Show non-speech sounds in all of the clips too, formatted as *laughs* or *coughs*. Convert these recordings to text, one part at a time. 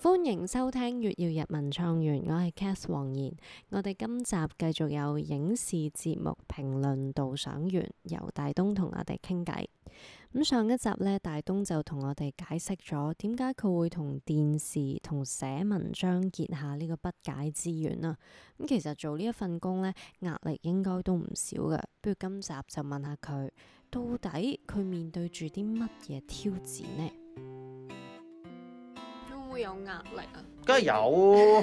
歡迎收聽《粵要日文創園》，我係 Cath 黃言，我哋今集繼續有影視節目評論導賞員游大東同我哋傾偈。咁上一集咧，大東就同我哋解釋咗點解佢會同電視同寫文章結下呢個不解之緣啊，咁其實做呢一份工咧，壓力應該都唔少嘅。不如今集就問下佢，到底佢面對住啲乜嘢挑戰呢？都有壓力啊！梗係有，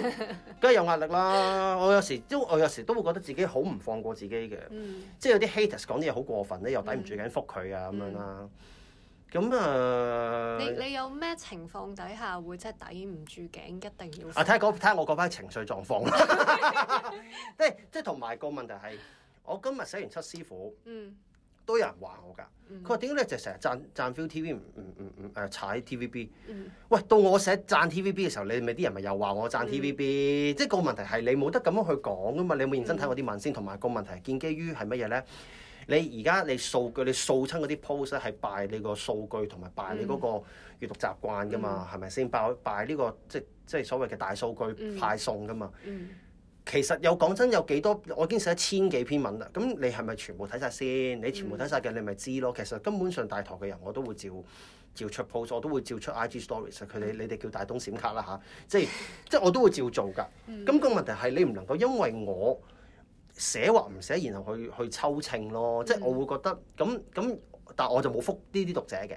梗係有壓力啦。 *laughs* 我有時都，我有時都會覺得自己好唔放過自己嘅，嗯、即係有啲 haters 講啲嘢好過分咧，又抵唔住頸覆佢啊咁樣啦。咁啊，嗯、啊你你有咩情況底下會即係抵唔住頸，一定要啊睇下嗰睇下我嗰班情緒狀況。 *laughs* *laughs* *laughs* 即即同埋個問題係，我今日寫完七師傅。嗯都有人話我㗎，佢話點解咧？就成日讚讚 ViuTV，唔唔唔唔踩 TVB。嗯啊 TV 嗯、喂，到我寫讚 TVB 嘅時候，你咪啲人咪又話我讚 TVB，嗯。即係個問題係你冇得咁樣去講㗎嘛。你有冇認真睇我啲文先？同埋、嗯、個問題係建基於係乜嘢咧？你而家你數據你掃親嗰啲 post 咧，係拜你個數據同埋拜你嗰個閱讀習慣㗎嘛？係咪先？拜拜呢個即係即係所謂嘅大數據派送㗎嘛？嗯嗯嗯。其實有講真有幾多，我已經寫一千幾篇文啦。咁你係咪全部睇晒先？你全部睇晒嘅，你咪知咯。其實根本上大台嘅人我都會照照出 post，我都會照出 IG stories。佢哋你哋叫大東閃卡啦嚇、啊嗯，即係即係我都會照做㗎。咁個問題係你唔能夠因為我寫或唔寫，然後去去抽秤咯。嗯、即係我會覺得咁咁，但係我就冇覆呢啲讀者嘅。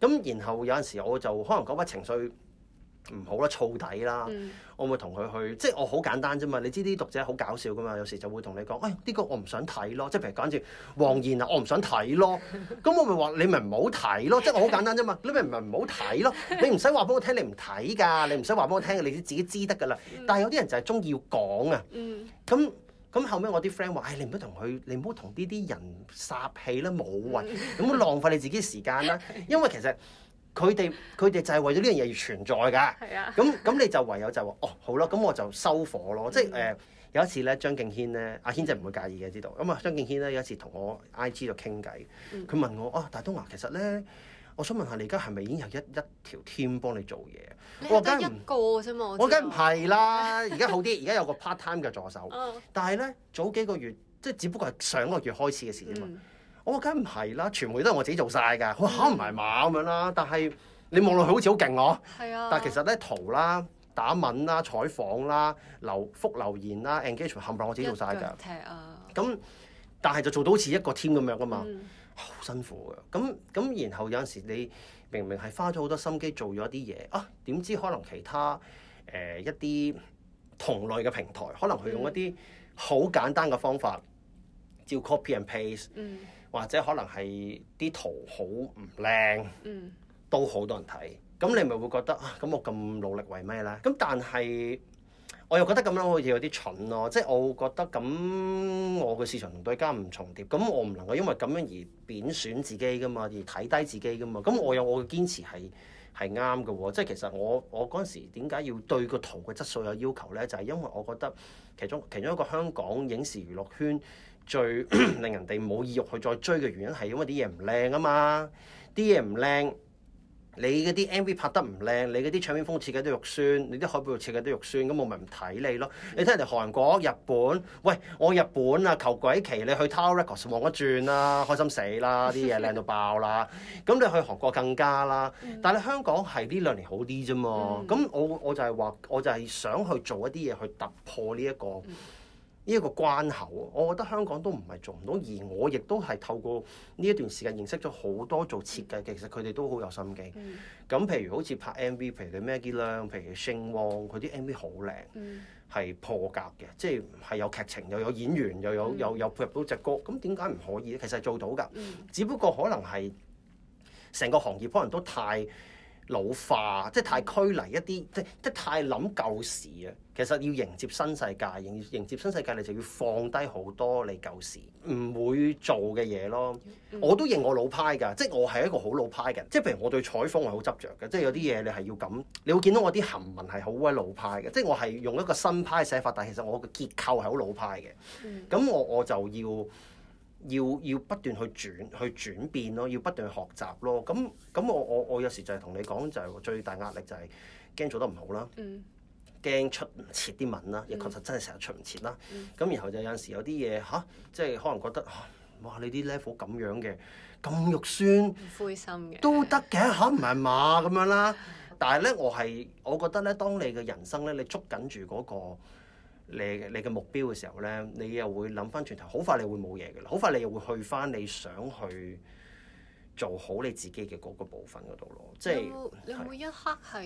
咁然後有陣時我就可能嗰筆情緒。唔好啦，燥底啦，嗯、我會同佢去，即係我好簡單啫嘛。你知啲讀者好搞笑噶嘛，有時就會同你講，哎，呢、呢個我唔想睇咯，即係譬如講住黃言，啊，我唔想睇咯，咁我咪話你咪唔好睇咯， *laughs* 即係我好簡單啫嘛，你咪唔係唔好睇咯，你唔使話俾我聽你唔睇㗎，你唔使話俾我聽你自己知得㗎啦。嗯、但係有啲人就係中意要講啊，咁咁、嗯、後尾我啲 friend 話，你唔好同佢，你唔好同呢啲人嘥氣啦，冇謂，你唔好浪費你自己時間啦，因為其實。佢哋佢哋就係為咗呢樣嘢而存在㗎，咁咁、啊、你就唯有就話哦好啦，咁我就收火咯，嗯、即係誒有一次咧張敬軒咧，阿軒仔唔會介意嘅知道，咁啊張敬軒咧有一次同我 I G 度傾偈，佢、嗯、問我啊大東呀其實咧，我想問下你而家係咪已經有一一條 team 幫你做嘢？我得一個啫嘛，我梗唔係啦，而家好啲，而家有個 part time 嘅助手，哦、但係咧早幾個月即係只不過係上個月開始嘅事啫嘛。嗯我梗唔係啦，傳媒都係我自己做晒㗎。佢考唔係嘛，咁樣啦。但係你望落去好似好勁喎，啊、但係其實咧圖啦、打文啦、採訪啦、留覆留言啦、engagement 冚唪唥我自己做曬㗎。咁、啊，但係就做到好似一個 team 咁樣㗎嘛，好、嗯、辛苦㗎。咁咁，然後有陣時你明明係花咗好多心機做咗啲嘢啊，點知可能其他誒、呃、一啲同類嘅平台，可能佢用一啲好簡單嘅方法，照 copy and paste。嗯嗯或者可能係啲圖好唔靚，嗯、都好多人睇。咁你咪會覺得啊，咁我咁努力為咩呢？咁但係我又覺得咁樣好似有啲蠢咯、啊。即、就、係、是、我會覺得咁，我嘅市場同對家唔重疊，咁我唔能夠因為咁樣而貶損自己噶嘛，而睇低自己噶嘛。咁我有我嘅堅持係係啱嘅喎。即係、啊就是、其實我我嗰陣時點解要對個圖嘅質素有要求呢？就係、是、因為我覺得其中其中一個香港影視娛樂圈。最 *coughs* 令人哋冇意欲去再追嘅原因係因為啲嘢唔靚啊嘛，啲嘢唔靚，你嗰啲 MV 拍得唔靚，你嗰啲唱片封面設計都肉酸，你啲海報設計都肉酸，咁我咪唔睇你咯。你睇人哋韓國、日本，喂，我日本啊，求鬼奇，你去 Tower Records 望一轉啦，開心死啦，啲嘢靚到爆啦。咁你去韓國更加啦，但係香港係呢兩年好啲啫嘛。咁我我就係話，我就係想去做一啲嘢去突破呢、這、一個。呢一個關口，我覺得香港都唔係做唔到，而我亦都係透過呢一段時間認識咗好多做設計嘅，其實佢哋都好有心機。咁、嗯、譬如好似拍 MV，譬如嘅 Maggie Lam，譬如嘅 Sing Wong，佢啲 MV 好靚，係、嗯、破格嘅，即係係有劇情，又有演員，又有有、嗯、有配合到隻歌。咁點解唔可以咧？其實係做到㗎，嗯、只不過可能係成個行業可能都太。老化即係太拘泥一啲，即即太諗舊事啊！其實要迎接新世界，迎迎接新世界你就要放低好多你舊時唔會做嘅嘢咯。我都認我老派㗎，即係我係一個好老派嘅人。即係譬如我對採訪係好執着嘅，即係有啲嘢你係要咁。你會見到我啲行文係好鬼老派嘅，即係我係用一個新派寫法，但係其實我嘅結構係好老派嘅。咁我我就要。要要不斷去轉去轉變咯，要不斷去學習咯。咁咁我我我有時就係同你講，就係、是、最大壓力就係驚做得唔好啦，驚、嗯、出唔切啲文啦，亦確實真係成日出唔切啦。咁、嗯、然後就有陣時有啲嘢吓，即係可能覺得、啊、哇你啲 level 咁樣嘅咁肉酸，灰心嘅都得嘅吓唔係嘛？咁樣啦。但係咧我係我覺得咧，當你嘅人生咧，你捉緊住嗰、那個。你你嘅目標嘅時候咧，你又會諗翻轉頭，好快你會冇嘢嘅啦，好快你又會去翻你想去做好你自己嘅嗰個部分嗰度咯。即係你每一刻係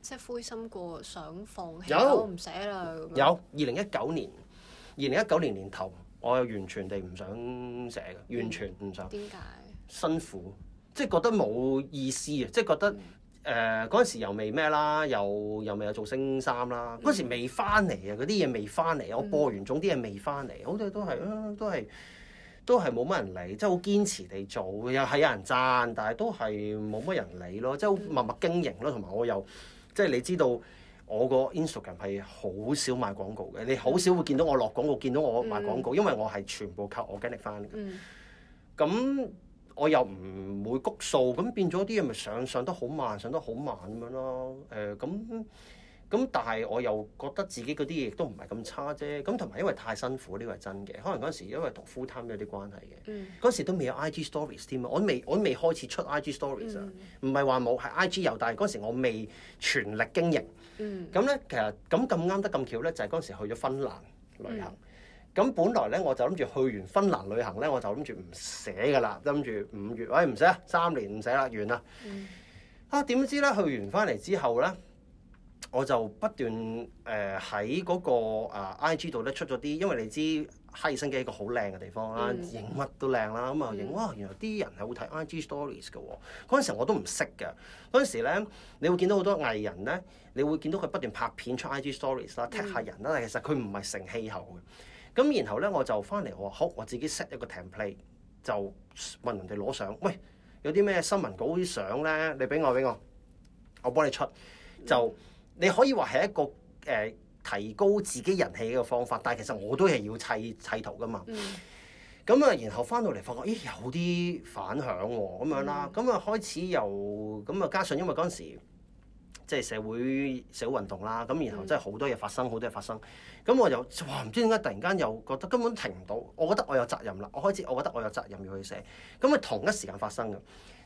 即係灰心過，想放棄，我唔寫啦咁樣。有二零一九年，二零一九年年頭，我又完全地唔想寫嘅，完全唔想。點解、嗯？辛苦，即係覺得冇意思啊！嗯、即係覺得。誒嗰陣時又未咩啦，又又未有做星三啦。嗰陣、嗯、時未翻嚟啊，嗰啲嘢未翻嚟。嗯、我播完總啲嘢未翻嚟，好多都係啊，都係都係冇乜人理，即係好堅持地做，又係有人讚，但係都係冇乜人理咯，即、就、係、是、默默經營咯。同埋我又即係你知道我個 Instagram 係好少賣廣告嘅，你好少會見到我落廣告，見到我賣廣告，因為我係全部靠我經歷翻。嗯。咁、嗯。我又唔會谷數，咁變咗啲嘢咪上上得好慢，上得好慢咁樣咯。誒、呃，咁咁但係我又覺得自己嗰啲嘢都唔係咁差啫。咁同埋因為太辛苦呢個係真嘅，可能嗰陣時因為同 full time 有啲關係嘅。嗰、嗯、時都未有 IG stories 添啊，我未我未開始出 IG stories 啊、嗯，唔係話冇係 IG 有，但係嗰時我未全力經營。咁咧、嗯、其實咁咁啱得咁巧咧，就係嗰陣時去咗芬蘭旅行。嗯嗯咁本來咧，我就諗住去完芬蘭旅行咧，我就諗住唔寫噶啦。諗住五月，哎唔使、嗯、啊，三年唔使啦，完啦啊！點知咧去完翻嚟之後咧，我就不斷誒喺嗰個 I G 度咧出咗啲，因為你知赫爾辛基係一個好靚嘅地方啦，影乜、嗯、都靚啦。咁啊影哇，原來啲人係會睇 I G Stories 嘅。嗰陣時我都唔識嘅。嗰陣時咧，你會見到好多藝人咧，你會見到佢不斷拍片出 I G Stories 啦，踢下人啦。其實佢唔係成氣候嘅。咁然後咧，我就翻嚟，我話好，我自己 set 一個 template 就問人哋攞相。喂，有啲咩新聞稿啲相咧？你俾我俾我，我幫你出就你可以話係一個誒、呃、提高自己人氣嘅方法。但係其實我都係要砌砌圖㗎嘛。咁、嗯哎、啊，然後翻到嚟發覺，咦有啲反響喎咁樣啦。咁啊、嗯、開始又咁啊，加上因為嗰陣時。即係社會社會運動啦，咁然後真係好多嘢發生，嗯、好多嘢發生。咁我又哇唔知點解突然間又覺得根本停唔到，我覺得我有責任啦，我開始我覺得我有責任要去寫。咁啊同一時間發生嘅，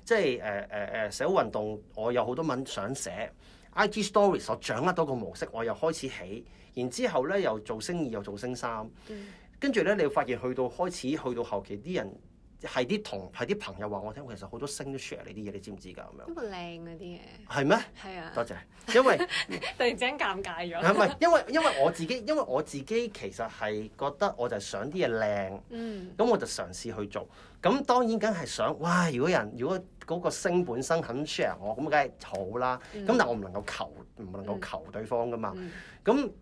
即係誒誒誒社會運動，我有好多文想寫。IG story 我掌握到個模式，我又開始起，然之後咧又造星二又造星三、嗯，跟住咧你會發現去到開始去到後期啲人。係啲同係啲朋友話我聽，其實好多星都 share 你啲嘢，你知唔知㗎？咁樣都靚嗰啲嘢。係咩嗎？係啊。多謝。因為 *laughs* 突然之間尷尬咗。唔 *laughs* 係，因為因為我自己，因為我自己其實係覺得我就係想啲嘢靚。嗯。咁我就嘗試去做。咁當然梗係想，哇！如果人如果嗰個星本身肯 share 我，咁梗係好啦、啊。咁、嗯、但係我唔能夠求，求，唔能夠求，求對方㗎嘛。咁咁、嗯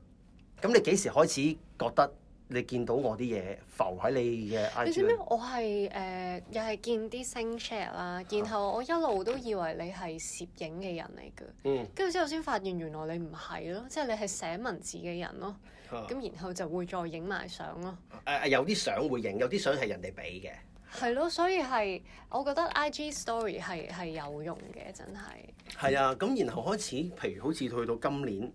嗯、你幾時開始覺得？你見到我啲嘢浮喺你嘅 I G？你知唔知我係誒、呃、又係見啲星 s h a r e 啦，然後我一路都以為你係攝影嘅人嚟嘅，跟住之後先發現原來你唔係咯，即係你係寫文字嘅人咯。咁、啊、然後就會再影埋相咯。誒、啊、有啲相會影，有啲相係人哋俾嘅。係咯，所以係我覺得 I G story 係係有用嘅，真係。係啊，咁然後開始，譬如好似去到今年，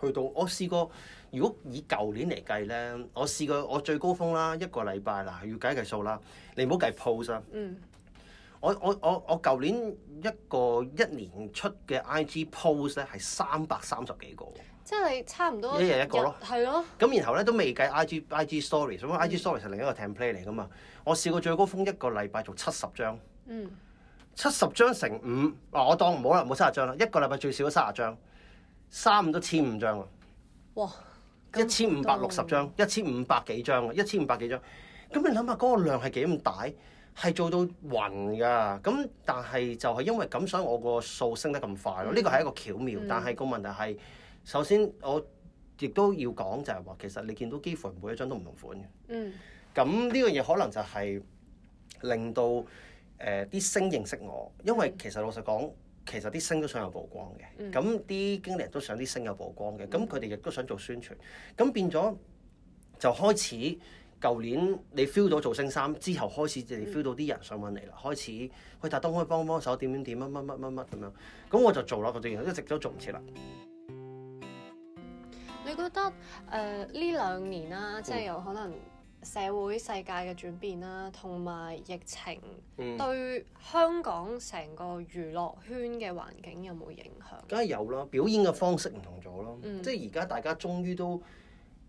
去到我試過。如果以舊年嚟計咧，我試過我最高峰啦，一個禮拜啦，要計一計數啦，你唔好計 post 啦。嗯。我我我我舊年一個一年出嘅 I G post 咧係三百三十幾個。即係差唔多一,一日一個咯。係咯。咁然後咧都未計 I G I G story，因為 I G story 係另一個 template 嚟㗎嘛。我試過最高峰一個禮拜做七十張。嗯。七十張乘五，我當唔好啦，唔好七十張啦。一個禮拜最少都三十張，三五都千五張喎。哇！一千五百六十張，一千五百幾張啊！一千五百幾張，咁你諗下嗰個量係幾咁大，係做到暈㗎。咁但係就係因為咁，所以我個數升得咁快咯。呢個係一個巧妙，嗯、但係個問題係，首先我亦都要講就係話，其實你見到幾乎每一張都唔同款嘅。嗯。咁呢樣嘢可能就係令到誒啲、呃、星認識我，因為其實老實講。其實啲星都想有曝光嘅，咁啲經理人都想啲星有曝光嘅，咁佢哋亦都想做宣傳，咁變咗就開始，舊年你 feel 到造星3之後，開始就 feel 到啲人想揾你啦，開始去大東，可以幫幫手，點點點乜乜乜乜乜咁樣。咁我就做咯嗰啲嘢，一直都做唔切啦。你覺得誒呢兩年啦，即係有可能，社會世界嘅轉變啦，同埋疫情、嗯、對香港成個娛樂圈嘅環境有冇影響？梗係有啦，表演嘅方式唔同咗咯。嗯、即係而家大家終於都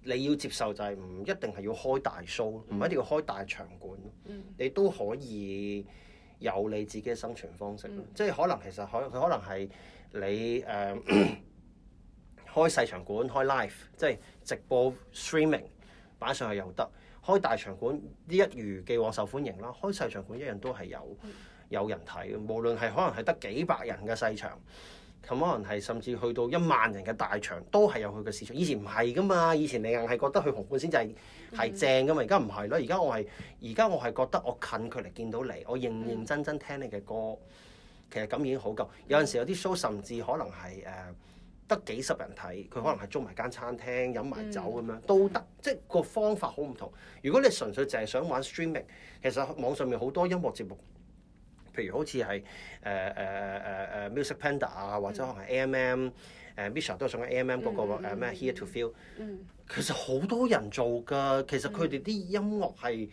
你要接受就係唔一定係要開大 show，唔、嗯、一定要開大場館，嗯、你都可以有你自己嘅生存方式。嗯、即係可能其實可佢可能係你誒、uh, *coughs* 開細場館開 live，即係直播 streaming 擺上去又得。開大場館，呢一如既往受歡迎啦。開細場館一樣都係有有人睇嘅，無論係可能係得幾百人嘅細場，咁可能係甚至去到一萬人嘅大場，都係有佢嘅市場。以前唔係㗎嘛，以前你硬係覺得去紅館先至係正㗎嘛，而家唔係囉。而家我係而家我係覺得我近距離見到你，我認認真真聽你嘅歌，其實咁已經好夠。有陣時有啲 show 甚至可能係誒，Uh, 得幾十人睇，佢可能係租埋間餐廳飲埋酒咁樣、嗯、都得，即、就、係、是、個方法好唔同。如果你純粹淨係想玩 streaming，其實網上面好多音樂節目，譬如好似係誒誒誒誒 Music Panda 啊，或者可能係 AMM 誒、嗯呃、Misha 都上緊 AMM 嗰、那個咩、嗯啊、Here to Feel、嗯其。其實好多人做㗎，其實佢哋啲音樂係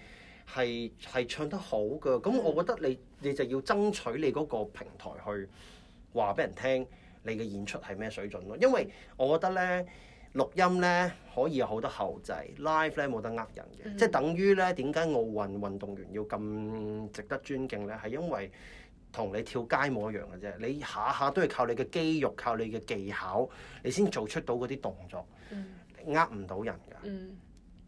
係係唱得好㗎。咁我覺得你你就要爭取你嗰個平台去話俾人聽。你嘅演出係咩水準咯？因為我覺得咧錄音咧可以有好多後製 live 咧冇得呃人嘅，嗯、即係等於咧點解奧運運動員要咁值得尊敬咧？係因為同你跳街舞一樣嘅啫，你下下都係靠你嘅肌肉、靠你嘅技巧，你先做出到嗰啲動作，呃唔到人㗎。嗯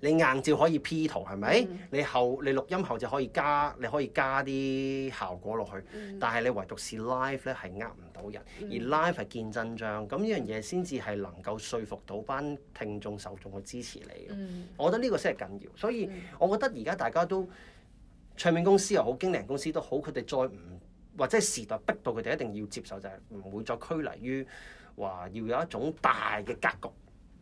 你硬照可以 P 圖係咪？Mm hmm. 你後你錄音後就可以加，你可以加啲效果落去、mm。Hmm. 但係你唯獨是 live 咧係呃唔到人、mm，hmm. 而 live 係見真章。咁呢樣嘢先至係能夠說服到班聽眾受眾去支持你、mm。Hmm. 我覺得呢個先係緊要。所以、mm，hmm. 我覺得而家大家都唱片公司又好，經理人公司都好，佢哋再唔或者時代逼到佢哋一定要接受就係唔會再拘泥於話要有一種大嘅格局。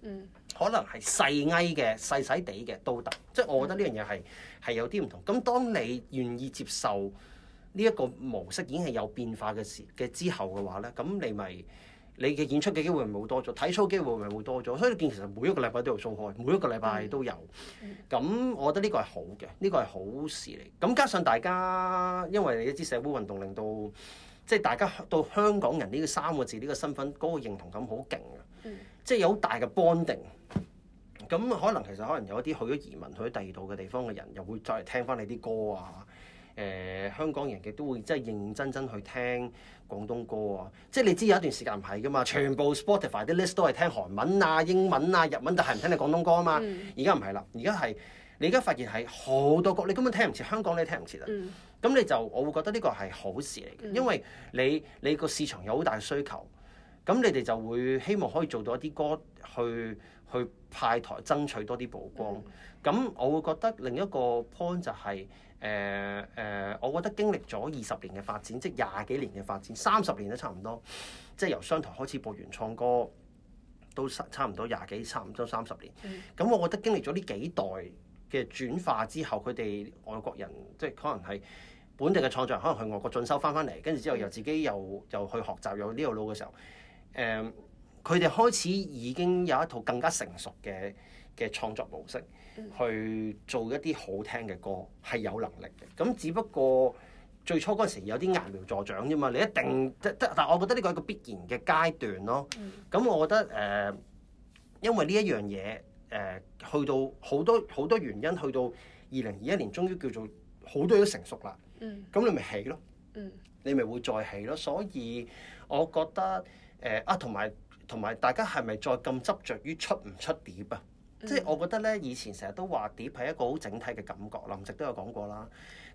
嗯，可能係細埃嘅細細哋嘅都得，嗯、即係我覺得呢樣嘢係係有啲唔同。咁當你願意接受呢一個模式已經係有變化嘅時嘅之後嘅話咧，咁你咪你嘅演出嘅機會咪會多咗，體操機會咪會多咗。所以見其實每一個禮拜都有 show 開，每一個禮拜都有。咁、嗯嗯、我覺得呢個係好嘅，呢、呢個係好事嚟。咁加上大家因為你一啲社會運動令到，即、就、係、是、大家到香港人呢個三個字呢個身份嗰個認同感好勁嘅。嗯嗯即係有好大嘅 bonding，n 咁可能其實可能有一啲去咗移民去咗第二度嘅地方嘅人，又會再嚟聽翻你啲歌啊。誒、呃，香港人亦都會即係認認真真去聽廣東歌啊。即係你知有一段時間唔係噶嘛，全部 Spotify 啲 list 都係聽韓文啊、英文啊、日文，但係唔聽你廣東歌啊嘛。而家唔係啦，而家係。你而家發現係好多歌，你根本聽唔切，香港你聽唔切啊。咁、嗯、你就我會覺得呢個係好事嚟嘅，因為你你個市場有好大嘅需求。咁你哋就會希望可以做到一啲歌去去派台，爭取多啲曝光。咁、mm hmm. 我會覺得另一個 point 就係誒誒，我覺得經歷咗二十年嘅發展，即係廿幾年嘅發展，三十年都差唔多。即係由商台開始播原創歌，都差唔多廿幾、差唔多三十年。咁、mm hmm. 我覺得經歷咗呢幾代嘅轉化之後，佢哋外國人即係可能係本地嘅創作人，可能去外國進修翻翻嚟，跟住之後又自己又又去學習，又呢個腦嘅時候。誒，佢哋、um, 開始已經有一套更加成熟嘅嘅創作模式，mm. 去做一啲好聽嘅歌係有能力嘅。咁只不過最初嗰陣時有啲揠苗助長啫嘛，你一定得得，mm. 但我覺得呢個係一個必然嘅階段咯。咁、mm. 我覺得誒、呃，因為呢一樣嘢誒，去到好多好多原因，去到二零二一年終於叫做好多嘢都成熟啦。嗯。咁你咪起咯，嗯，mm. 你咪會再起咯。所以我覺得。誒啊，同埋同埋，大家係咪再咁執着於出唔出碟啊？即係、嗯、我覺得咧，以前成日都話碟係一個好整體嘅感覺，林夕都有講過啦。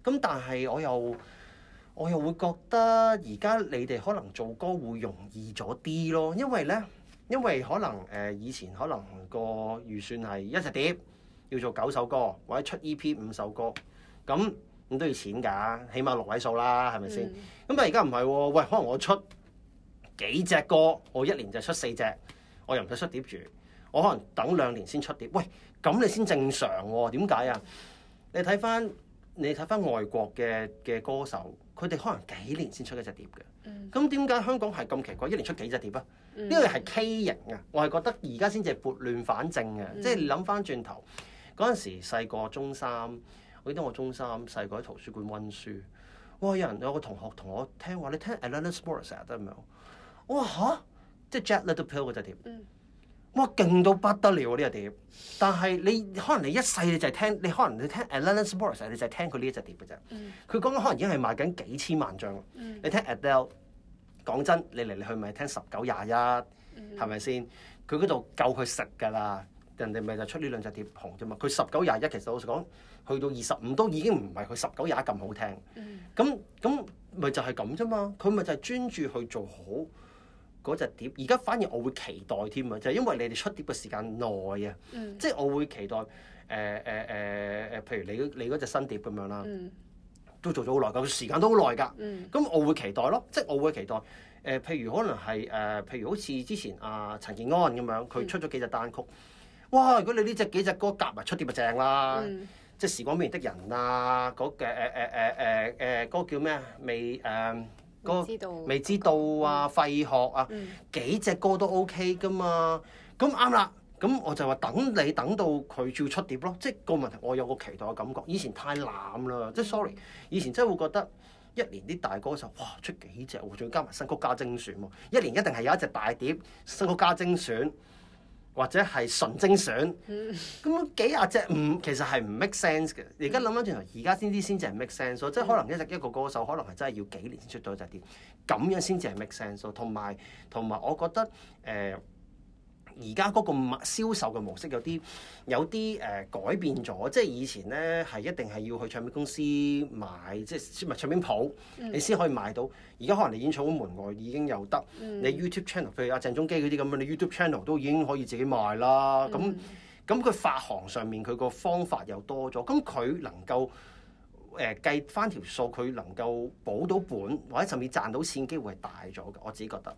咁但係我又我又會覺得而家你哋可能做歌會容易咗啲咯，因為咧，因為可能誒、呃、以前可能個預算係一隻碟要做九首歌，或者出 EP 五首歌，咁咁都要錢㗎，起碼六位數啦，係咪先？咁但係而家唔係喎，喂，可能我出，幾隻歌，我一年就出四隻，我又唔使出碟住，我可能等兩年先出碟。喂，咁你先正常喎？點解啊？你睇翻你睇翻外國嘅嘅歌手，佢哋可能幾年先出一隻碟嘅。嗯。咁點解香港係咁奇怪，一年出幾隻碟啊？呢個係 K 型啊。我係覺得而家先至撥亂反正嘅，嗯、即係諗翻轉頭嗰陣時，細個中三，我記得我中三細個喺圖書館温書，哇！有人有個同學同我聽話，你聽 Alanis e p o r t s s e t t 唔好。哇！嚇！即係 Jet Little Pill 嗰隻碟，嗯、哇！勁到不得了！啊！呢隻碟，但係你可能你一世你就係聽，你可能你聽 Alanis Morissette，你就係聽佢呢隻碟嘅啫，佢講緊可能已經係賣緊幾千萬張，嗯你 el, 你你。你聽 Adele，講真，你嚟嚟去咪聽十九廿一，係咪先？佢嗰度夠佢食㗎啦。人哋咪就出呢兩隻碟紅啫嘛。佢十九廿一其實老實講去到二十五都已經唔係佢十九廿一咁好聽。咁咁咪就係咁啫嘛。佢咪就係專注去做好。嗰隻碟，而家反而我會期待添啊，就係因為你哋出碟嘅時間耐啊，即係、嗯、我會期待誒誒誒誒，譬如你你嗰隻新碟咁樣啦，嗯、都做咗好耐，個時間都好耐㗎，咁、嗯、我會期待咯，即、就、係、是、我會期待誒、呃，譬如可能係誒、呃，譬如好似之前啊陳建安咁樣，佢出咗幾隻單曲，嗯、哇！如果你呢隻幾隻歌夾埋出碟就正啦，即係、嗯就是、時光面的人、那個呃呃呃呃嗯、啊，嗰誒誒誒誒誒誒個叫咩啊？未、嗯、誒。個未知,知道啊，廢學啊，嗯、幾隻歌都 O K 㗎嘛，咁啱啦，咁我就話等你等到佢照出碟咯，即、就、係、是、個問題，我有個期待嘅感覺。以前太濫啦，即、就、係、是、sorry，、嗯、以前真係會覺得一年啲大歌就哇出幾隻喎，仲加埋新曲加精選喎、啊，一年一定係有一隻大碟，新曲加精選。或者係純精選，咁幾廿隻唔其實係唔 make sense 嘅。而家諗翻轉頭，而家先知先至係 make sense。即係可能一隻一個歌手，可能係真係要幾年先出到一隻碟，咁樣先至係 make sense。同埋同埋，我覺得誒。呃而家嗰個銷售嘅模式有啲有啲誒、呃、改變咗，即係以前呢係一定係要去唱片公司買，即係咪唱片鋪，你先可以買到。而家、嗯、可能你演出門外已經有得，嗯、你 YouTube channel，譬如阿鄭中基嗰啲咁樣，你 YouTube channel 都已經可以自己賣啦。咁咁佢發行上面佢個方法又多咗，咁佢能夠誒、呃、計翻條數，佢能夠補到本或者甚至賺到錢機會係大咗嘅，我自己覺得。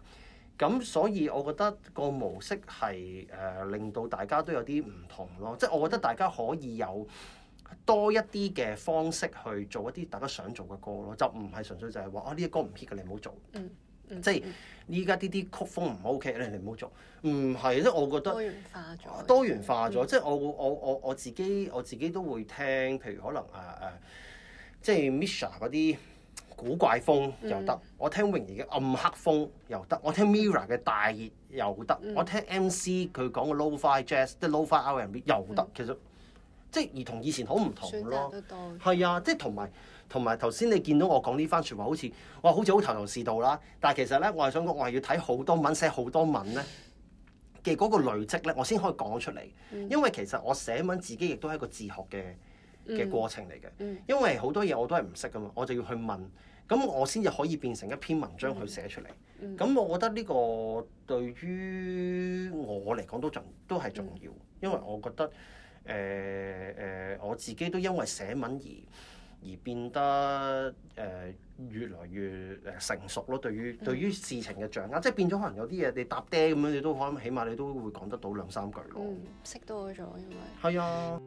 咁所以我覺得個模式係誒令到大家都有啲唔同咯，即係我覺得大家可以有多一啲嘅方式去做一啲大家想做嘅歌咯，就唔係純粹就係話啊，呢個歌唔 hit 嘅你唔好做，即係依家啲啲曲風唔 OK 你你唔好做，唔係，即係我覺得多元化咗，多元化咗，即係、嗯、我我我我自己我自己都會聽，譬如可能誒誒，即係 Misha 嗰啲。啊就是古怪風又得，mm. 我聽榮兒嘅暗黑風又得，我聽 Mirror 嘅大熱又得，mm. 我聽 MC 佢講嘅 lo-fi jazz，即係 low fi R and B 又得。Mm. 其實即係而同以前好唔同咯，係啊，即係同埋同埋頭先你見到我講呢番説話，好似話好似好頭頭是道啦。但係其實咧，我係想講，我係要睇好多文寫好多文咧嘅嗰個累積咧，我先可以講出嚟。Mm. 因為其實我寫文自己亦都係一個自學嘅。嘅過程嚟嘅，mm. 因為好多嘢我都係唔識噶嘛，我就要去問，咁我先至可以變成一篇文章去寫出嚟。咁、mm. 我覺得呢個對於我嚟講都重都係重要，mm. 因為我覺得誒誒、呃呃、我自己都因為寫文而而變得誒、呃、越來越誒成熟咯。對於、mm. 對於事情嘅掌握，即係變咗可能有啲嘢你搭爹咁樣，你都可能起碼你都會講得到兩三句咯。嗯、mm.，識多咗因為係啊。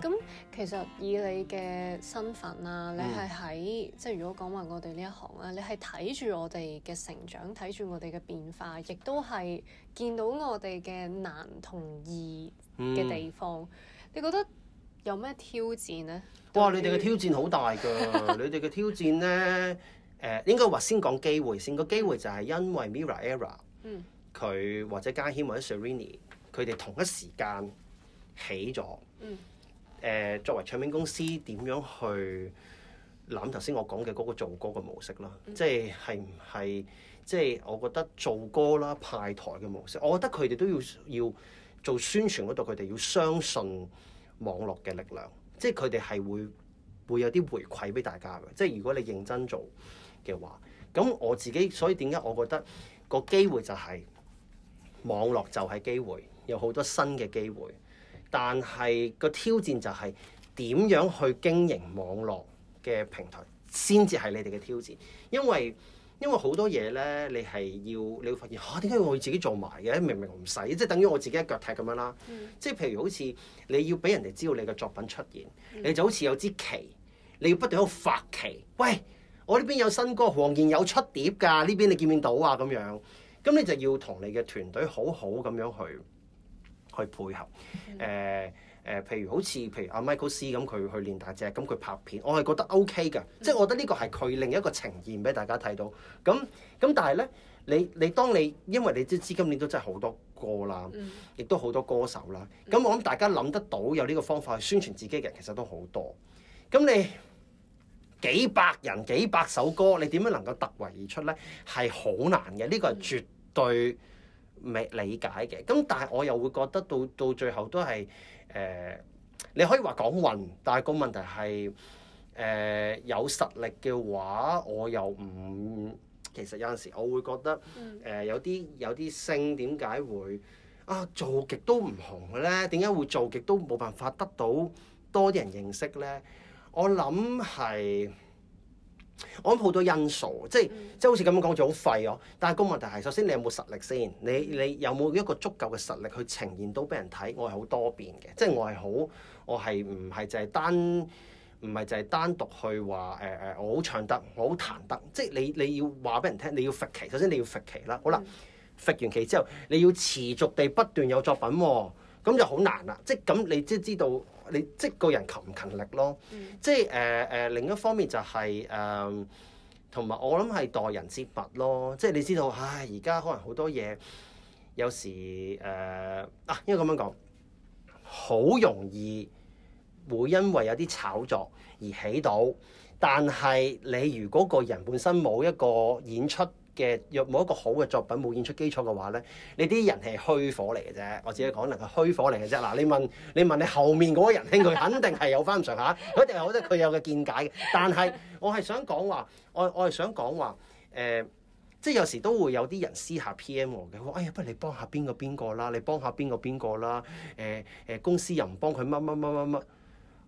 咁其實以你嘅身份啊，你係喺、嗯、即係如果講話我哋呢一行啊，你係睇住我哋嘅成長，睇住我哋嘅變化，亦都係見到我哋嘅難同易嘅地方。嗯、你覺得有咩挑戰呢？哇！於你哋嘅挑戰好大㗎。 *laughs* 你哋嘅挑戰呢，誒、呃、應該話先講機會先。個機會就係因為 Mirror Era，佢、嗯、或者家謙或者 Serrini，佢哋同一時間起咗，嗯。誒，作為唱片公司點樣去諗頭先我講嘅嗰個做歌嘅模式啦，即係係唔係即係我覺得做歌啦派台嘅模式，我覺得佢哋都要要做宣傳嗰度，佢哋要相信網絡嘅力量，即係佢哋係會會有啲回饋俾大家嘅，即係如果你認真做嘅話，咁我自己所以點解我覺得個機會就係網絡就係機會，有好多新嘅機會。但係個挑戰就係點樣去經營網絡嘅平台，先至係你哋嘅挑戰。因為因為好多嘢呢，你係要，你會發現嚇點解我要自己做埋嘅？明明唔使，即係等於我自己一腳踢咁樣啦。即係譬如好似你要俾人哋知道你嘅作品出現，你就好似有支旗，你要不斷喺度發旗。喂，我呢邊有新歌，王健有出碟㗎，呢邊你見唔見到啊？咁樣，咁你就要同你嘅團隊好好咁樣去。去配合誒誒，譬、呃呃呃、如好似譬如阿 Michael C 咁，佢去練大隻，咁佢拍片，我係覺得 OK 噶。即係、嗯、我覺得呢個係佢另一個呈現俾大家睇到。咁咁，但係咧，你你當你因為你知知今年都真係好多歌啦，亦、嗯、都好多歌手啦，咁我諗大家諗得到有呢個方法去宣傳自己嘅人，其實都好多。咁你幾百人、幾百首歌，你點樣能夠突圍而出咧？係好難嘅，呢、呢個係絕對。未理解嘅，咁，但係我又會覺得到到最後都係誒、呃，你可以話講運，但係個問題係誒、呃、有實力嘅話，我又唔其實有陣時我會覺得誒、呃、有啲有啲星點解會啊做極都唔紅咧？點解會做極都冇辦法得到多啲人認識咧？我諗係。我諗好多因素，即係、嗯、即係好似咁樣講就好廢哦。但係個問題係，首先你有冇實力先？你你有冇一個足夠嘅實力去呈現到俾人睇？我係好多變嘅，即係我係好，我係唔係就係單，唔係就係單獨去話誒誒，我好唱得，我好彈得。即係你你要話俾人聽，你要復期，首先你要復期啦。好啦，復完期之後，你要持續地不斷有作品喎，咁就好難啦。即係咁，你即係知道。你即係個人勤唔勤力咯，嗯、即係誒誒另一方面就係、是、誒，同、uh, 埋我諗係待人接物咯。即係你知道，唉，而家可能好多嘢，有時誒、uh, 啊，應該咁樣講，好容易會因為有啲炒作而起到，但係你如果個人本身冇一個演出。嘅若冇一個好嘅作品，冇演出基礎嘅話咧，你啲人係虛火嚟嘅啫。我只係講能夠虛火嚟嘅啫。嗱，你問你問你後面嗰個人聽，佢肯定係有翻咁上下，佢、啊、一定係覺得佢有嘅見解嘅。但係我係想講話，我我係想講話，誒、欸，即係有時都會有啲人私下 PM 我嘅，話哎呀，不如你幫下邊個邊個啦，你幫下邊個邊個啦，誒、欸、誒公司又唔幫佢乜乜乜乜乜，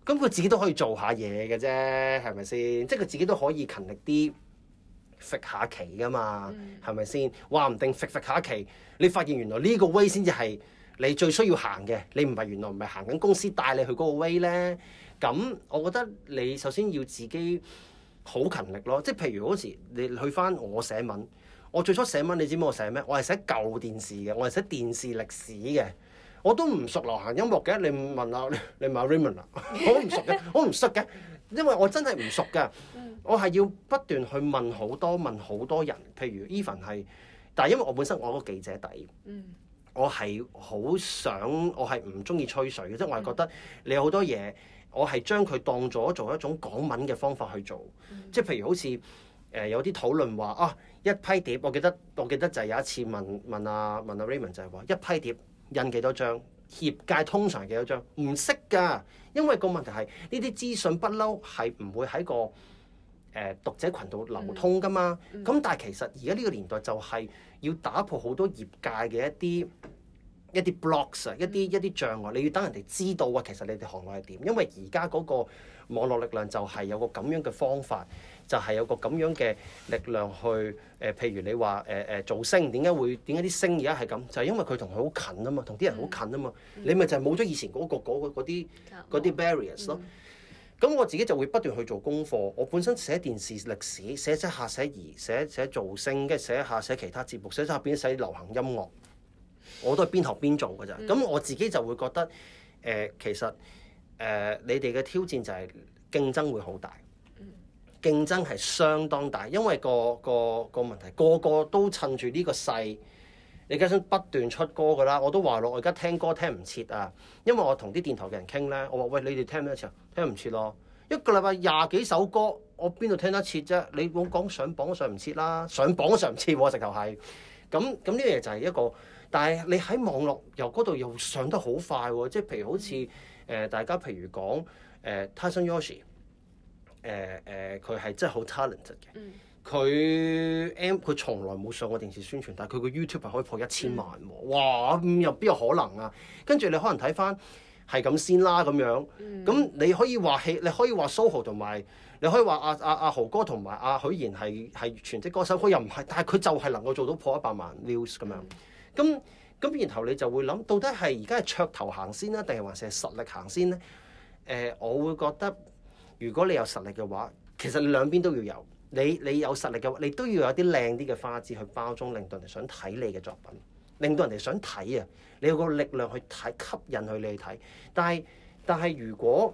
咁佢自己都可以做下嘢嘅啫，係咪先？即係佢自己都可以勤力啲。揈、嗯、下旗噶嘛，係咪先？話唔定揈揈下旗，你發現原來呢個 way 先至係你最需要行嘅。你唔係原來唔係行緊公司帶你去嗰個 way 咧。咁我覺得你首先要自己好勤力咯。即係譬如嗰時你去翻我寫文，我最初寫文你知唔知我寫咩？我係寫舊電視嘅，我係寫電視歷史嘅。我都唔熟流行音樂嘅。你問下，你問下 Raymond 啊，我 *laughs* 唔熟嘅，我唔熟嘅，因為我真係唔熟嘅。 *laughs* 我係要不斷去問好多問好多人，譬如 even 係，但係因為我本身我個記者底，嗯、我係好想我係唔中意吹水嘅，即係、嗯、我係覺得你好多嘢，我係將佢當咗做一種講文嘅方法去做，即係、嗯、譬如好似誒、呃、有啲討論話啊一批碟，我記得我記得就係有一次問問阿、啊、問阿、啊啊、Raymond 就係話一批碟印幾多張？業界通常幾多張？唔識㗎，因為個問題係呢啲資訊不嬲係唔會喺個。誒讀者群度流通噶嘛，咁、嗯、但係其實而家呢個年代就係要打破好多業界嘅一啲一啲 blocks 啊，一啲、嗯、一啲障礙。你要等人哋知道啊，其實你哋行內係點？因為而家嗰個網絡力量就係有個咁樣嘅方法，就係、係、有個咁樣嘅力量去誒、呃，譬如你話誒誒做星，點解會點解啲星而家係咁？就係、係、因為佢同佢好近啊嘛，同啲人好近啊嘛，嗯、你咪就係冇咗以前嗰、嗰個嗰啲啲 barriers 咯、嗯。嗯。咁我自己就會不斷去做功課。我本身寫電視歷史，寫寫下寫兒，寫寫造星，跟住寫下寫其他節目，寫下邊寫，寫流行音樂，我都係邊學邊做㗎咋。咁我自己就會覺得，誒、呃，其實誒、呃，你哋嘅挑戰就係競爭會好大，競爭係相當大，因為個個個問題，個個都趁住呢個勢。你更想不斷出歌噶啦，我都話咯，我而家聽歌聽唔切啊，因為我同啲電台嘅人傾咧，我話喂，你哋聽唔切，聽唔切咯，一個禮拜廿幾首歌，我邊度聽得切啫？你冇講上榜都上唔切啦，上榜都上唔切喎，直頭係。咁咁呢樣嘢就係一個，但係你喺網絡由嗰度又上得好快喎，即係譬如好似誒大家譬如講誒、呃、Tyson Yoshi 誒誒，佢係真係好 talented 嘅。嗯佢 M 佢從來冇上過電視宣傳，但係佢個 YouTube 可以破一千萬喎。Mm. 哇咁有邊有可能啊？跟住你可能睇翻係咁先啦，咁樣咁、mm. 你可以話戲，你可以話蘇浩同埋你可以話阿阿阿豪哥同埋阿許賢係係全職歌手，佢又唔係，但係佢就係能夠做到破一百萬 views 咁樣。咁咁、mm.，然後你就會諗到底係而家係噱頭行先呢，定係還是係實力行先呢？誒、呃，我會覺得如果你有實力嘅話，其實你兩邊都要有。你你有實力嘅話，你都要有啲靚啲嘅花枝去包裝，令到人哋想睇你嘅作品，令到人哋想睇啊！你有個力量去睇，吸引去你去睇。但係但係，如果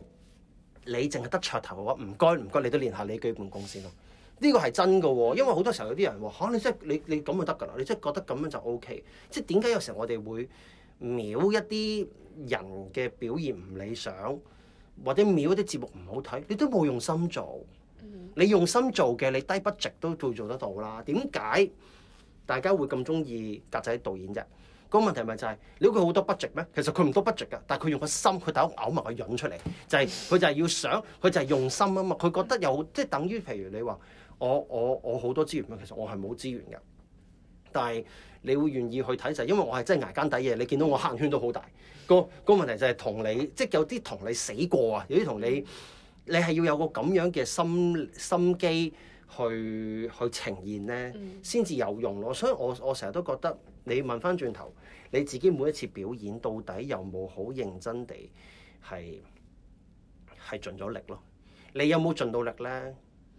你淨係得噱頭嘅話，唔該唔該，你都練下你基本功先咯。呢個係真嘅喎、哦，因為好多時候有啲人話嚇你，即係你你咁就得㗎啦，你即係覺得咁樣就 OK。即係點解有時候我哋會秒一啲人嘅表現唔理想，或者秒一啲節目唔好睇，你都冇用心做。你用心做嘅，你低 budget 都做做得到啦。點解大家會咁鍾意格仔導演啫？嗰個問題咪就係、是，你估佢好多 budget 咩？其實佢唔多 budget 㗎，但係佢用個心，佢第一咬埋去引出嚟，就係、是、佢就係要想，佢就係用心啊嘛。佢覺得有，即、就、係、是、等於譬如你話我我我好多資源，其實我係冇資源嘅。但係你會願意去睇就係、是、因為我係真係捱更抵夜，你見到我黑眼圈都好大。個、嗰個問題就係同你，即、就、係、是、有啲同你死過啊，有啲同你。你係要有個咁樣嘅心心機去去呈現呢，先至有用咯。所以我我成日都覺得，你問翻轉頭，你自己每一次表演到底有冇好認真地係係盡咗力咯？你有冇盡到力呢？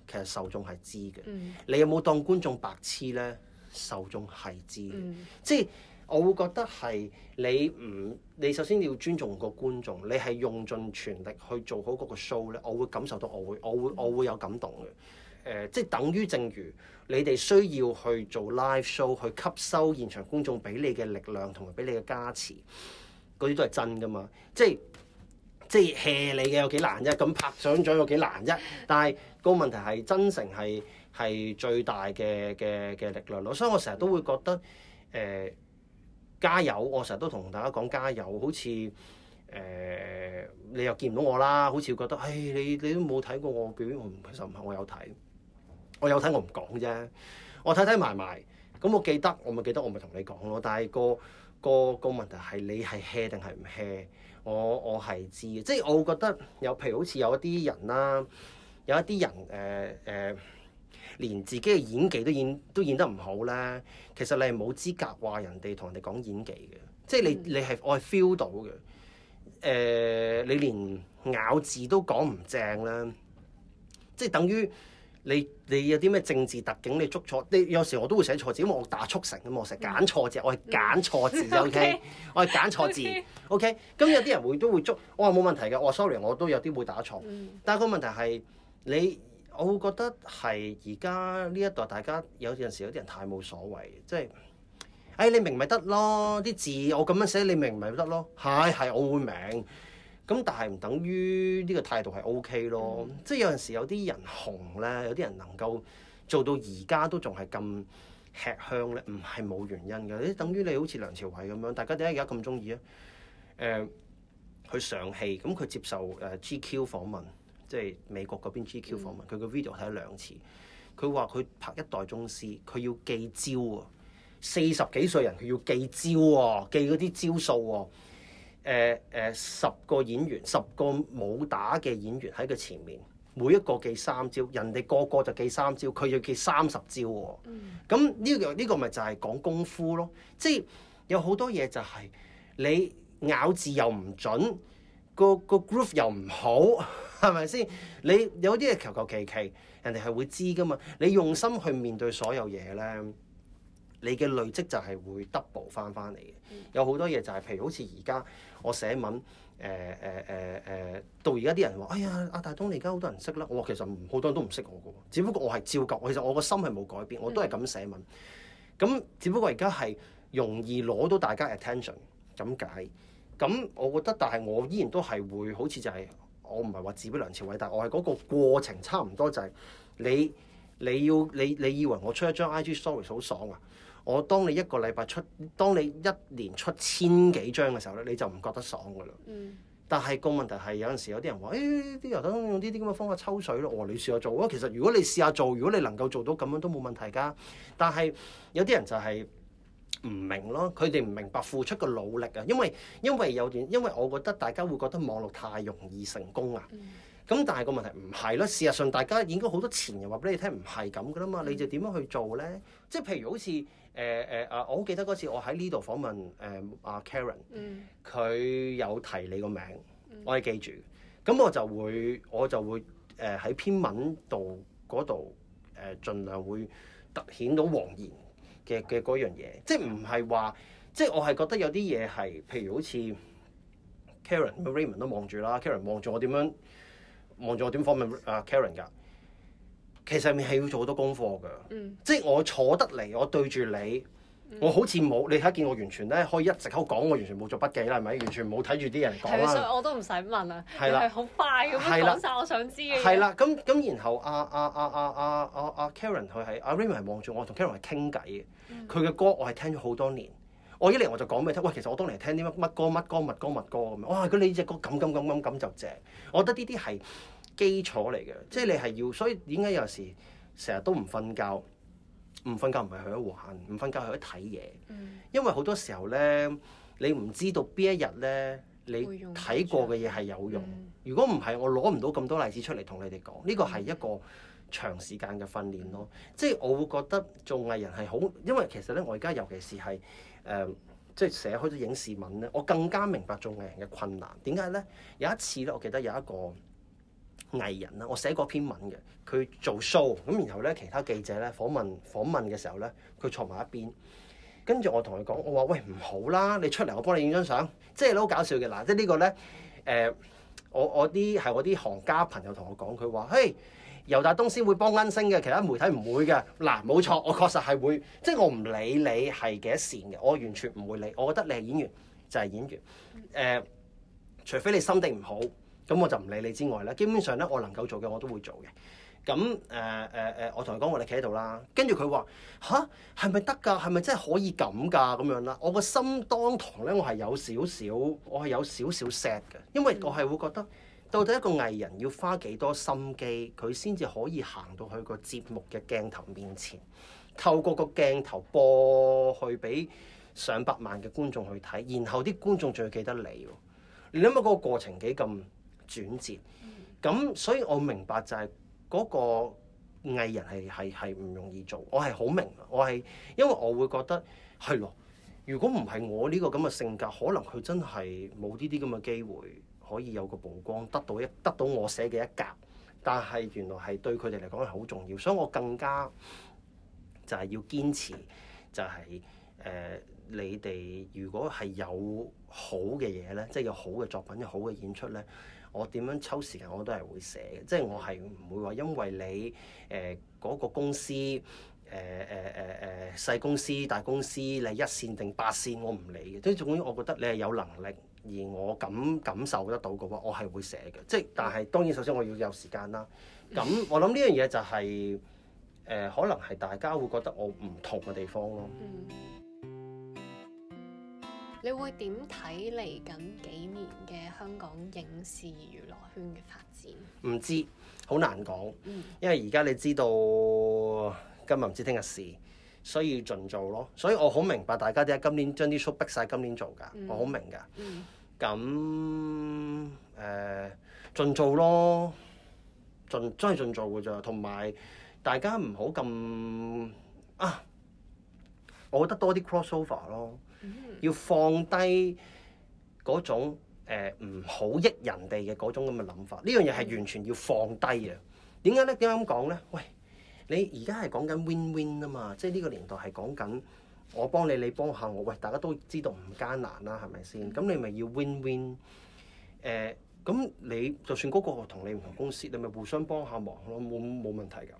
其實受眾係知嘅。嗯、你有冇當觀眾白痴呢？受眾係知、嗯、即係。我會覺得係你唔，你首先要尊重個觀眾，你係用盡全力去做好嗰個 show 咧，我會感受到我會，我會我會我會有感動嘅、呃。即係等於正如你哋需要去做 live show，去吸收現場觀眾俾你嘅力量同埋俾你嘅加持，嗰啲都係真噶嘛。即係即係 hea 你嘅有幾難啫、啊，咁拍上咗有幾難啫、啊。但係個問題係真誠係係最大嘅嘅嘅力量咯，所以我成日都會覺得誒。呃加油！我成日都同大家講加油，好似誒、呃、你又見唔到我啦，好似覺得誒、哎、你你都冇睇過我表，其實唔係，我有睇，我有睇我唔講啫，我睇睇埋埋，咁我，我記得我咪記得我咪同你講咯。但係、個、個、個問題係你係 hea 定係唔 hea？我我係知嘅，即係我覺得有譬如好似有一啲人啦，有一啲人誒誒。呃呃連自己嘅演技都演都演得唔好咧，其實你係冇資格話人哋同人哋講演技嘅，即係你你係我係 feel 到嘅。誒、呃，你連咬字都講唔正啦，即係等於你你有啲咩政治特警你捉錯，你有時我都會寫錯字，因為我打速成㗎嘛。我成日揀錯字，我係揀錯字，OK，Okay. 我係揀錯字，OK。咁有啲人會都會捉，我話冇問題嘅，我 sorry，我都有啲會打錯，但係個問題係你。我會覺得係而家呢一代大家有陣時有啲人太冇所謂，即係誒，你明咪得咯，啲字我咁樣寫你明咪得咯，係係我會明。咁但係唔等於呢個態度係 O K 咯，即係有陣時有啲人紅咧，有啲人能夠做到而家都仲係咁吃香咧，唔係冇原因嘅。你等於你好似梁朝偉咁樣，大家點解而家咁中意啊？誒，佢上戲咁，佢接受誒 G Q 訪問。即係美國嗰邊 GQ 訪問，佢個 video 睇咗兩次。佢話佢拍《一代宗師》，佢要記招啊！四十幾歲人佢要記招啊。記嗰啲招數喎。誒、呃、十個演員，十個武打嘅演員喺佢前面，每一個記三招，人哋個個就記三招，佢要記三十招喎。咁呢個呢個咪就係講功夫咯。即係有好多嘢就係你咬字又唔準。個個 groove 又唔好，係咪先？你有啲嘢求求其其，人哋係會知噶嘛？你用心去面對所有嘢咧，你嘅累積就係會 double 翻翻嚟嘅。有好多嘢就係、是、譬如好似而家我寫文，誒誒誒誒，到而家啲人話：哎呀，阿大東你而家好多人識啦。我其實好多人都唔識我嘅，只不過我係照舊。其實我個心係冇改變，我都係咁寫文。咁只不過而家係容易攞到大家 attention，咁解？咁我覺得，但係我依然都係會好似就係，我唔係話自比梁朝偉，但係我係嗰個過程差唔多就係你你要你你以為我出一張 I G story 好爽啊？我當你一個禮拜出，當你一年出千幾張嘅時候咧，你就唔覺得爽㗎啦。嗯、但係個問題係有陣時有啲人話、哎，誒啲由得用呢啲咁嘅方法抽水咯。我嚟試下做啊，其實如果你試下做，如果你能夠做到咁樣都冇問題㗎。但係有啲人就係、是。唔明咯，佢哋唔明白付出嘅努力啊，因為因為有段，因為我覺得大家會覺得網絡太容易成功啊。咁、嗯、但係個問題唔係咯，事實上大家應該好多前人話俾你聽唔係咁噶啦嘛，你就點樣去做咧？即係、嗯、譬如好似誒誒啊，我好記得嗰次我喺呢度訪問誒阿 Karen，佢有提你個名，嗯、我係記住。咁我就會我就會誒喺篇文度嗰度誒盡量會突顯到黃言。嘅嘅嗰樣嘢，即係唔係話，即係我係覺得有啲嘢係，譬如好似 Karen Raymond 都望住啦，Karen 望住我點樣、望住我點 format 啊，Karen 噶，其實上面係要做好多功課噶，mm. 即係我坐得嚟，我對住你。我好似冇，你睇下見我完全咧，可以一直口，口講，我完全冇做筆記啦，係咪？完全冇睇住啲人講所以了我都唔使問啦，係啦，好快咁講晒我想知嘅。係啦，咁咁然後阿阿阿阿阿阿 Karen 佢係阿 Raymond 係望住我同 Karen 係傾偈嘅，佢嘅、嗯、歌我係聽咗好多年。我一嚟我就講俾佢聽，喂，其實我當年聽啲乜乜歌、乜歌、乜歌、乜歌咁哇，咁你呢隻歌咁咁咁咁咁就正。我覺得呢啲係基礎嚟嘅，即係你係要，所以點解有時成日都唔瞓覺？唔瞓覺唔係去咗玩，唔瞓覺去咗睇嘢。嗯、因為好多時候咧，你唔知道邊一日咧，你睇過嘅嘢係有用。嗯、如果唔係，我攞唔到咁多例子出嚟同你哋講。呢個係一個長時間嘅訓練咯。嗯、即係我會覺得做藝人係好，因為其實咧，我而家尤其是係誒，即係寫開咗影視文咧，我更加明白做藝人嘅困難。點解咧？有一次咧，我記得有一個藝人啦，我寫過篇文嘅，佢做 show 咁，然後咧，其他記者咧訪問訪問嘅時候咧，佢坐埋一邊，跟住我同佢講，我話喂，唔好啦，你出嚟我幫你影張相，即係你好搞笑嘅嗱，即係、這個、呢個咧誒，我我啲係我啲行家朋友同我講，佢話嘿，游大東先會幫恩星嘅，其他媒體唔會嘅。嗱冇錯，我確實係會，即係我唔理你係幾多線嘅，我完全唔會理，我覺得你係演員就係演員，誒、就是呃，除非你心地唔好。咁我就唔理你之外啦，基本上咧，我能夠做嘅我都會做嘅。咁誒誒誒，我同佢講，我哋企喺度啦。跟住佢話吓？係咪得㗎？係咪真係可以咁㗎？咁樣啦，我個心當堂咧，我係有少少，我係有少少 sad 嘅，因為我係會覺得到底一個藝人要花幾多心機，佢先至可以行到去個節目嘅鏡頭面前，透過個鏡頭播去俾上百萬嘅觀眾去睇，然後啲觀眾仲要記得你。你諗下嗰個過程幾咁轉折，咁所以我明白就係嗰個藝人係係係唔容易做，我係好明，我係因為我會覺得係咯，如果唔係我呢個咁嘅性格，可能佢真係冇呢啲咁嘅機會可以有個曝光，得到一得到我寫嘅一格，但係原來係對佢哋嚟講係好重要，所以我更加就係要堅持、就係呃，就係誒你哋如果係有好嘅嘢咧，即係有好嘅作品、有好嘅演出咧。我點樣抽時間我都係會寫嘅，即係我係唔會話因為你誒嗰、呃那個公司誒誒誒誒，細公司大公司，你一線定八線，我唔理嘅，即係總之我覺得你係有能力而我感感受得到嘅話，我係會寫嘅。即係但係當然首先我要有時間啦。咁我諗呢樣嘢就係、是、誒、呃，可能係大家會覺得我唔同嘅地方咯。嗯。你會點睇嚟緊幾年嘅香港影視娛樂圈嘅發展？唔知，好難講。嗯。因為而家你知道今日唔知聽日事，所以盡做咯。所以我好明白大家點解今年將啲 show 逼晒今年做噶，我好明噶。嗯。咁誒，盡、嗯呃、做咯，盡真係盡做噶咋。同埋大家唔好咁啊！我覺得多啲 cross over 咯。要放低嗰種誒唔好益人哋嘅嗰種咁嘅諗法，呢樣嘢係完全要放低嘅。點解咧？點解咁講咧？喂，你而家係講緊 win win 啊嘛，即係呢個年代係講緊我幫你，你幫下我。喂，大家都知道唔艱難啦，係咪先？咁、嗯、你咪要 win win、呃。誒，咁你就算嗰個同你唔同公司，你咪互相幫下忙咯，冇冇問題噶。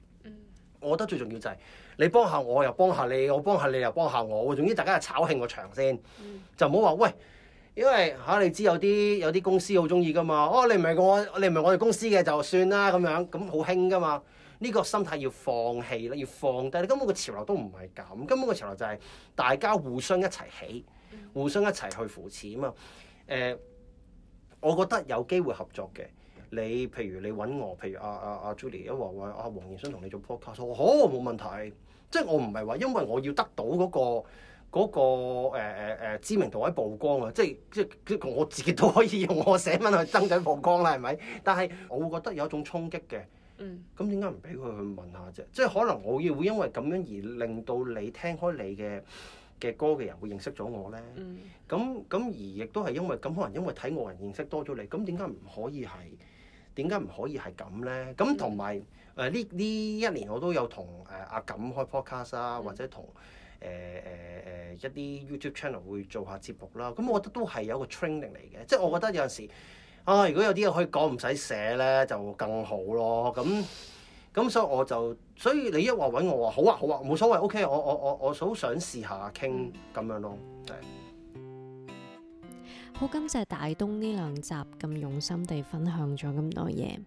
我覺得最重要就係你幫下我，又幫下你，我幫下你，又幫下我。總之大家係炒興個場先，嗯、就唔好話喂，因為吓你知有啲有啲公司好鍾意㗎嘛。哦，你唔係我，你唔係我哋公司嘅就算啦咁樣，咁好興㗎嘛。呢、這個心態要放棄啦，要放低。你根本個潮流都唔係咁，根本個潮流就係大家互相一齊起，起，嗯、互相一齊去扶持啊嘛。誒、呃，我覺得有機會合作嘅。你譬如你揾我，譬如阿阿阿 Julie，一話話阿黃賢生同你做 podcast，我好冇、哦、問題。即係我唔係話因為我要得到嗰、嗰個嗰、嗰個誒、呃呃、知名度喺曝光啊，即係即係我自己都可以用我寫文去增長曝光啦，係咪？ *laughs* 但係我會覺得有一種衝擊嘅。嗯。咁點解唔俾佢去問下啫？即係可能我要會因為咁樣而令到你聽開你嘅嘅歌嘅人會認識咗我咧。嗯。 *laughs* 咁咁而亦都係因為咁，可能因為睇我人認識多咗你，咁點解唔可以係？點解唔可以係咁呢？咁同埋誒呢呢一年我都有同誒阿錦開 podcast、呃、啊，或者同誒誒一啲 YouTube channel 會做下節目啦。咁我覺得都係有個 training 嚟嘅，即係我覺得有陣時啊，如果有啲嘢可以講唔使寫呢，就更好咯。咁咁所以我就所以你一話揾我話好啊好啊冇所謂 OK，我我我我好想試下傾咁樣咯，係。好感謝大東呢兩集咁用心地分享咗咁多嘢，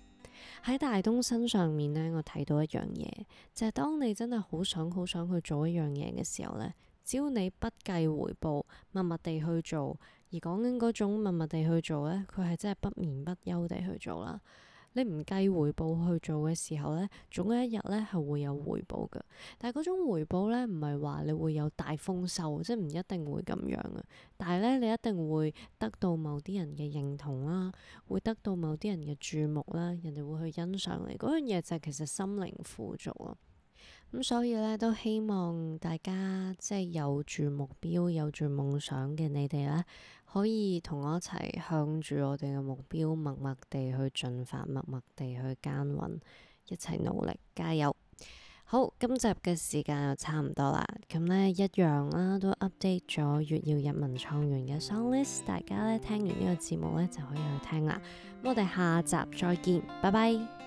喺大東身上面呢，我睇到一樣嘢，就係、是、當你真係好想好想去做一樣嘢嘅時候呢，只要你不計回報，默默地去做，而講緊嗰種默默地去做呢，佢係真係不眠不休地去做啦。你唔計回報去做嘅時候呢，總有一日呢係會有回報嘅。但係嗰種回報呢，唔係話你會有大豐收，即係唔一定會咁樣啊。但係呢，你一定會得到某啲人嘅認同啦，會得到某啲人嘅注目啦，人哋會去欣賞你。嗰樣嘢就係其實心靈富助咯。咁、嗯、所以呢，都希望大家即係有住目標、有住夢想嘅你哋咧。可以同我一齊向住我哋嘅目標默默地去進發，默默地去耕耘，一齊努力，加油！好，今集嘅時間又差唔多啦，咁呢一樣啦、啊，都 update 咗月曜日文創園嘅 song list，大家呢，聽完呢個節目呢，就可以去聽啦。咁我哋下集再見，拜拜。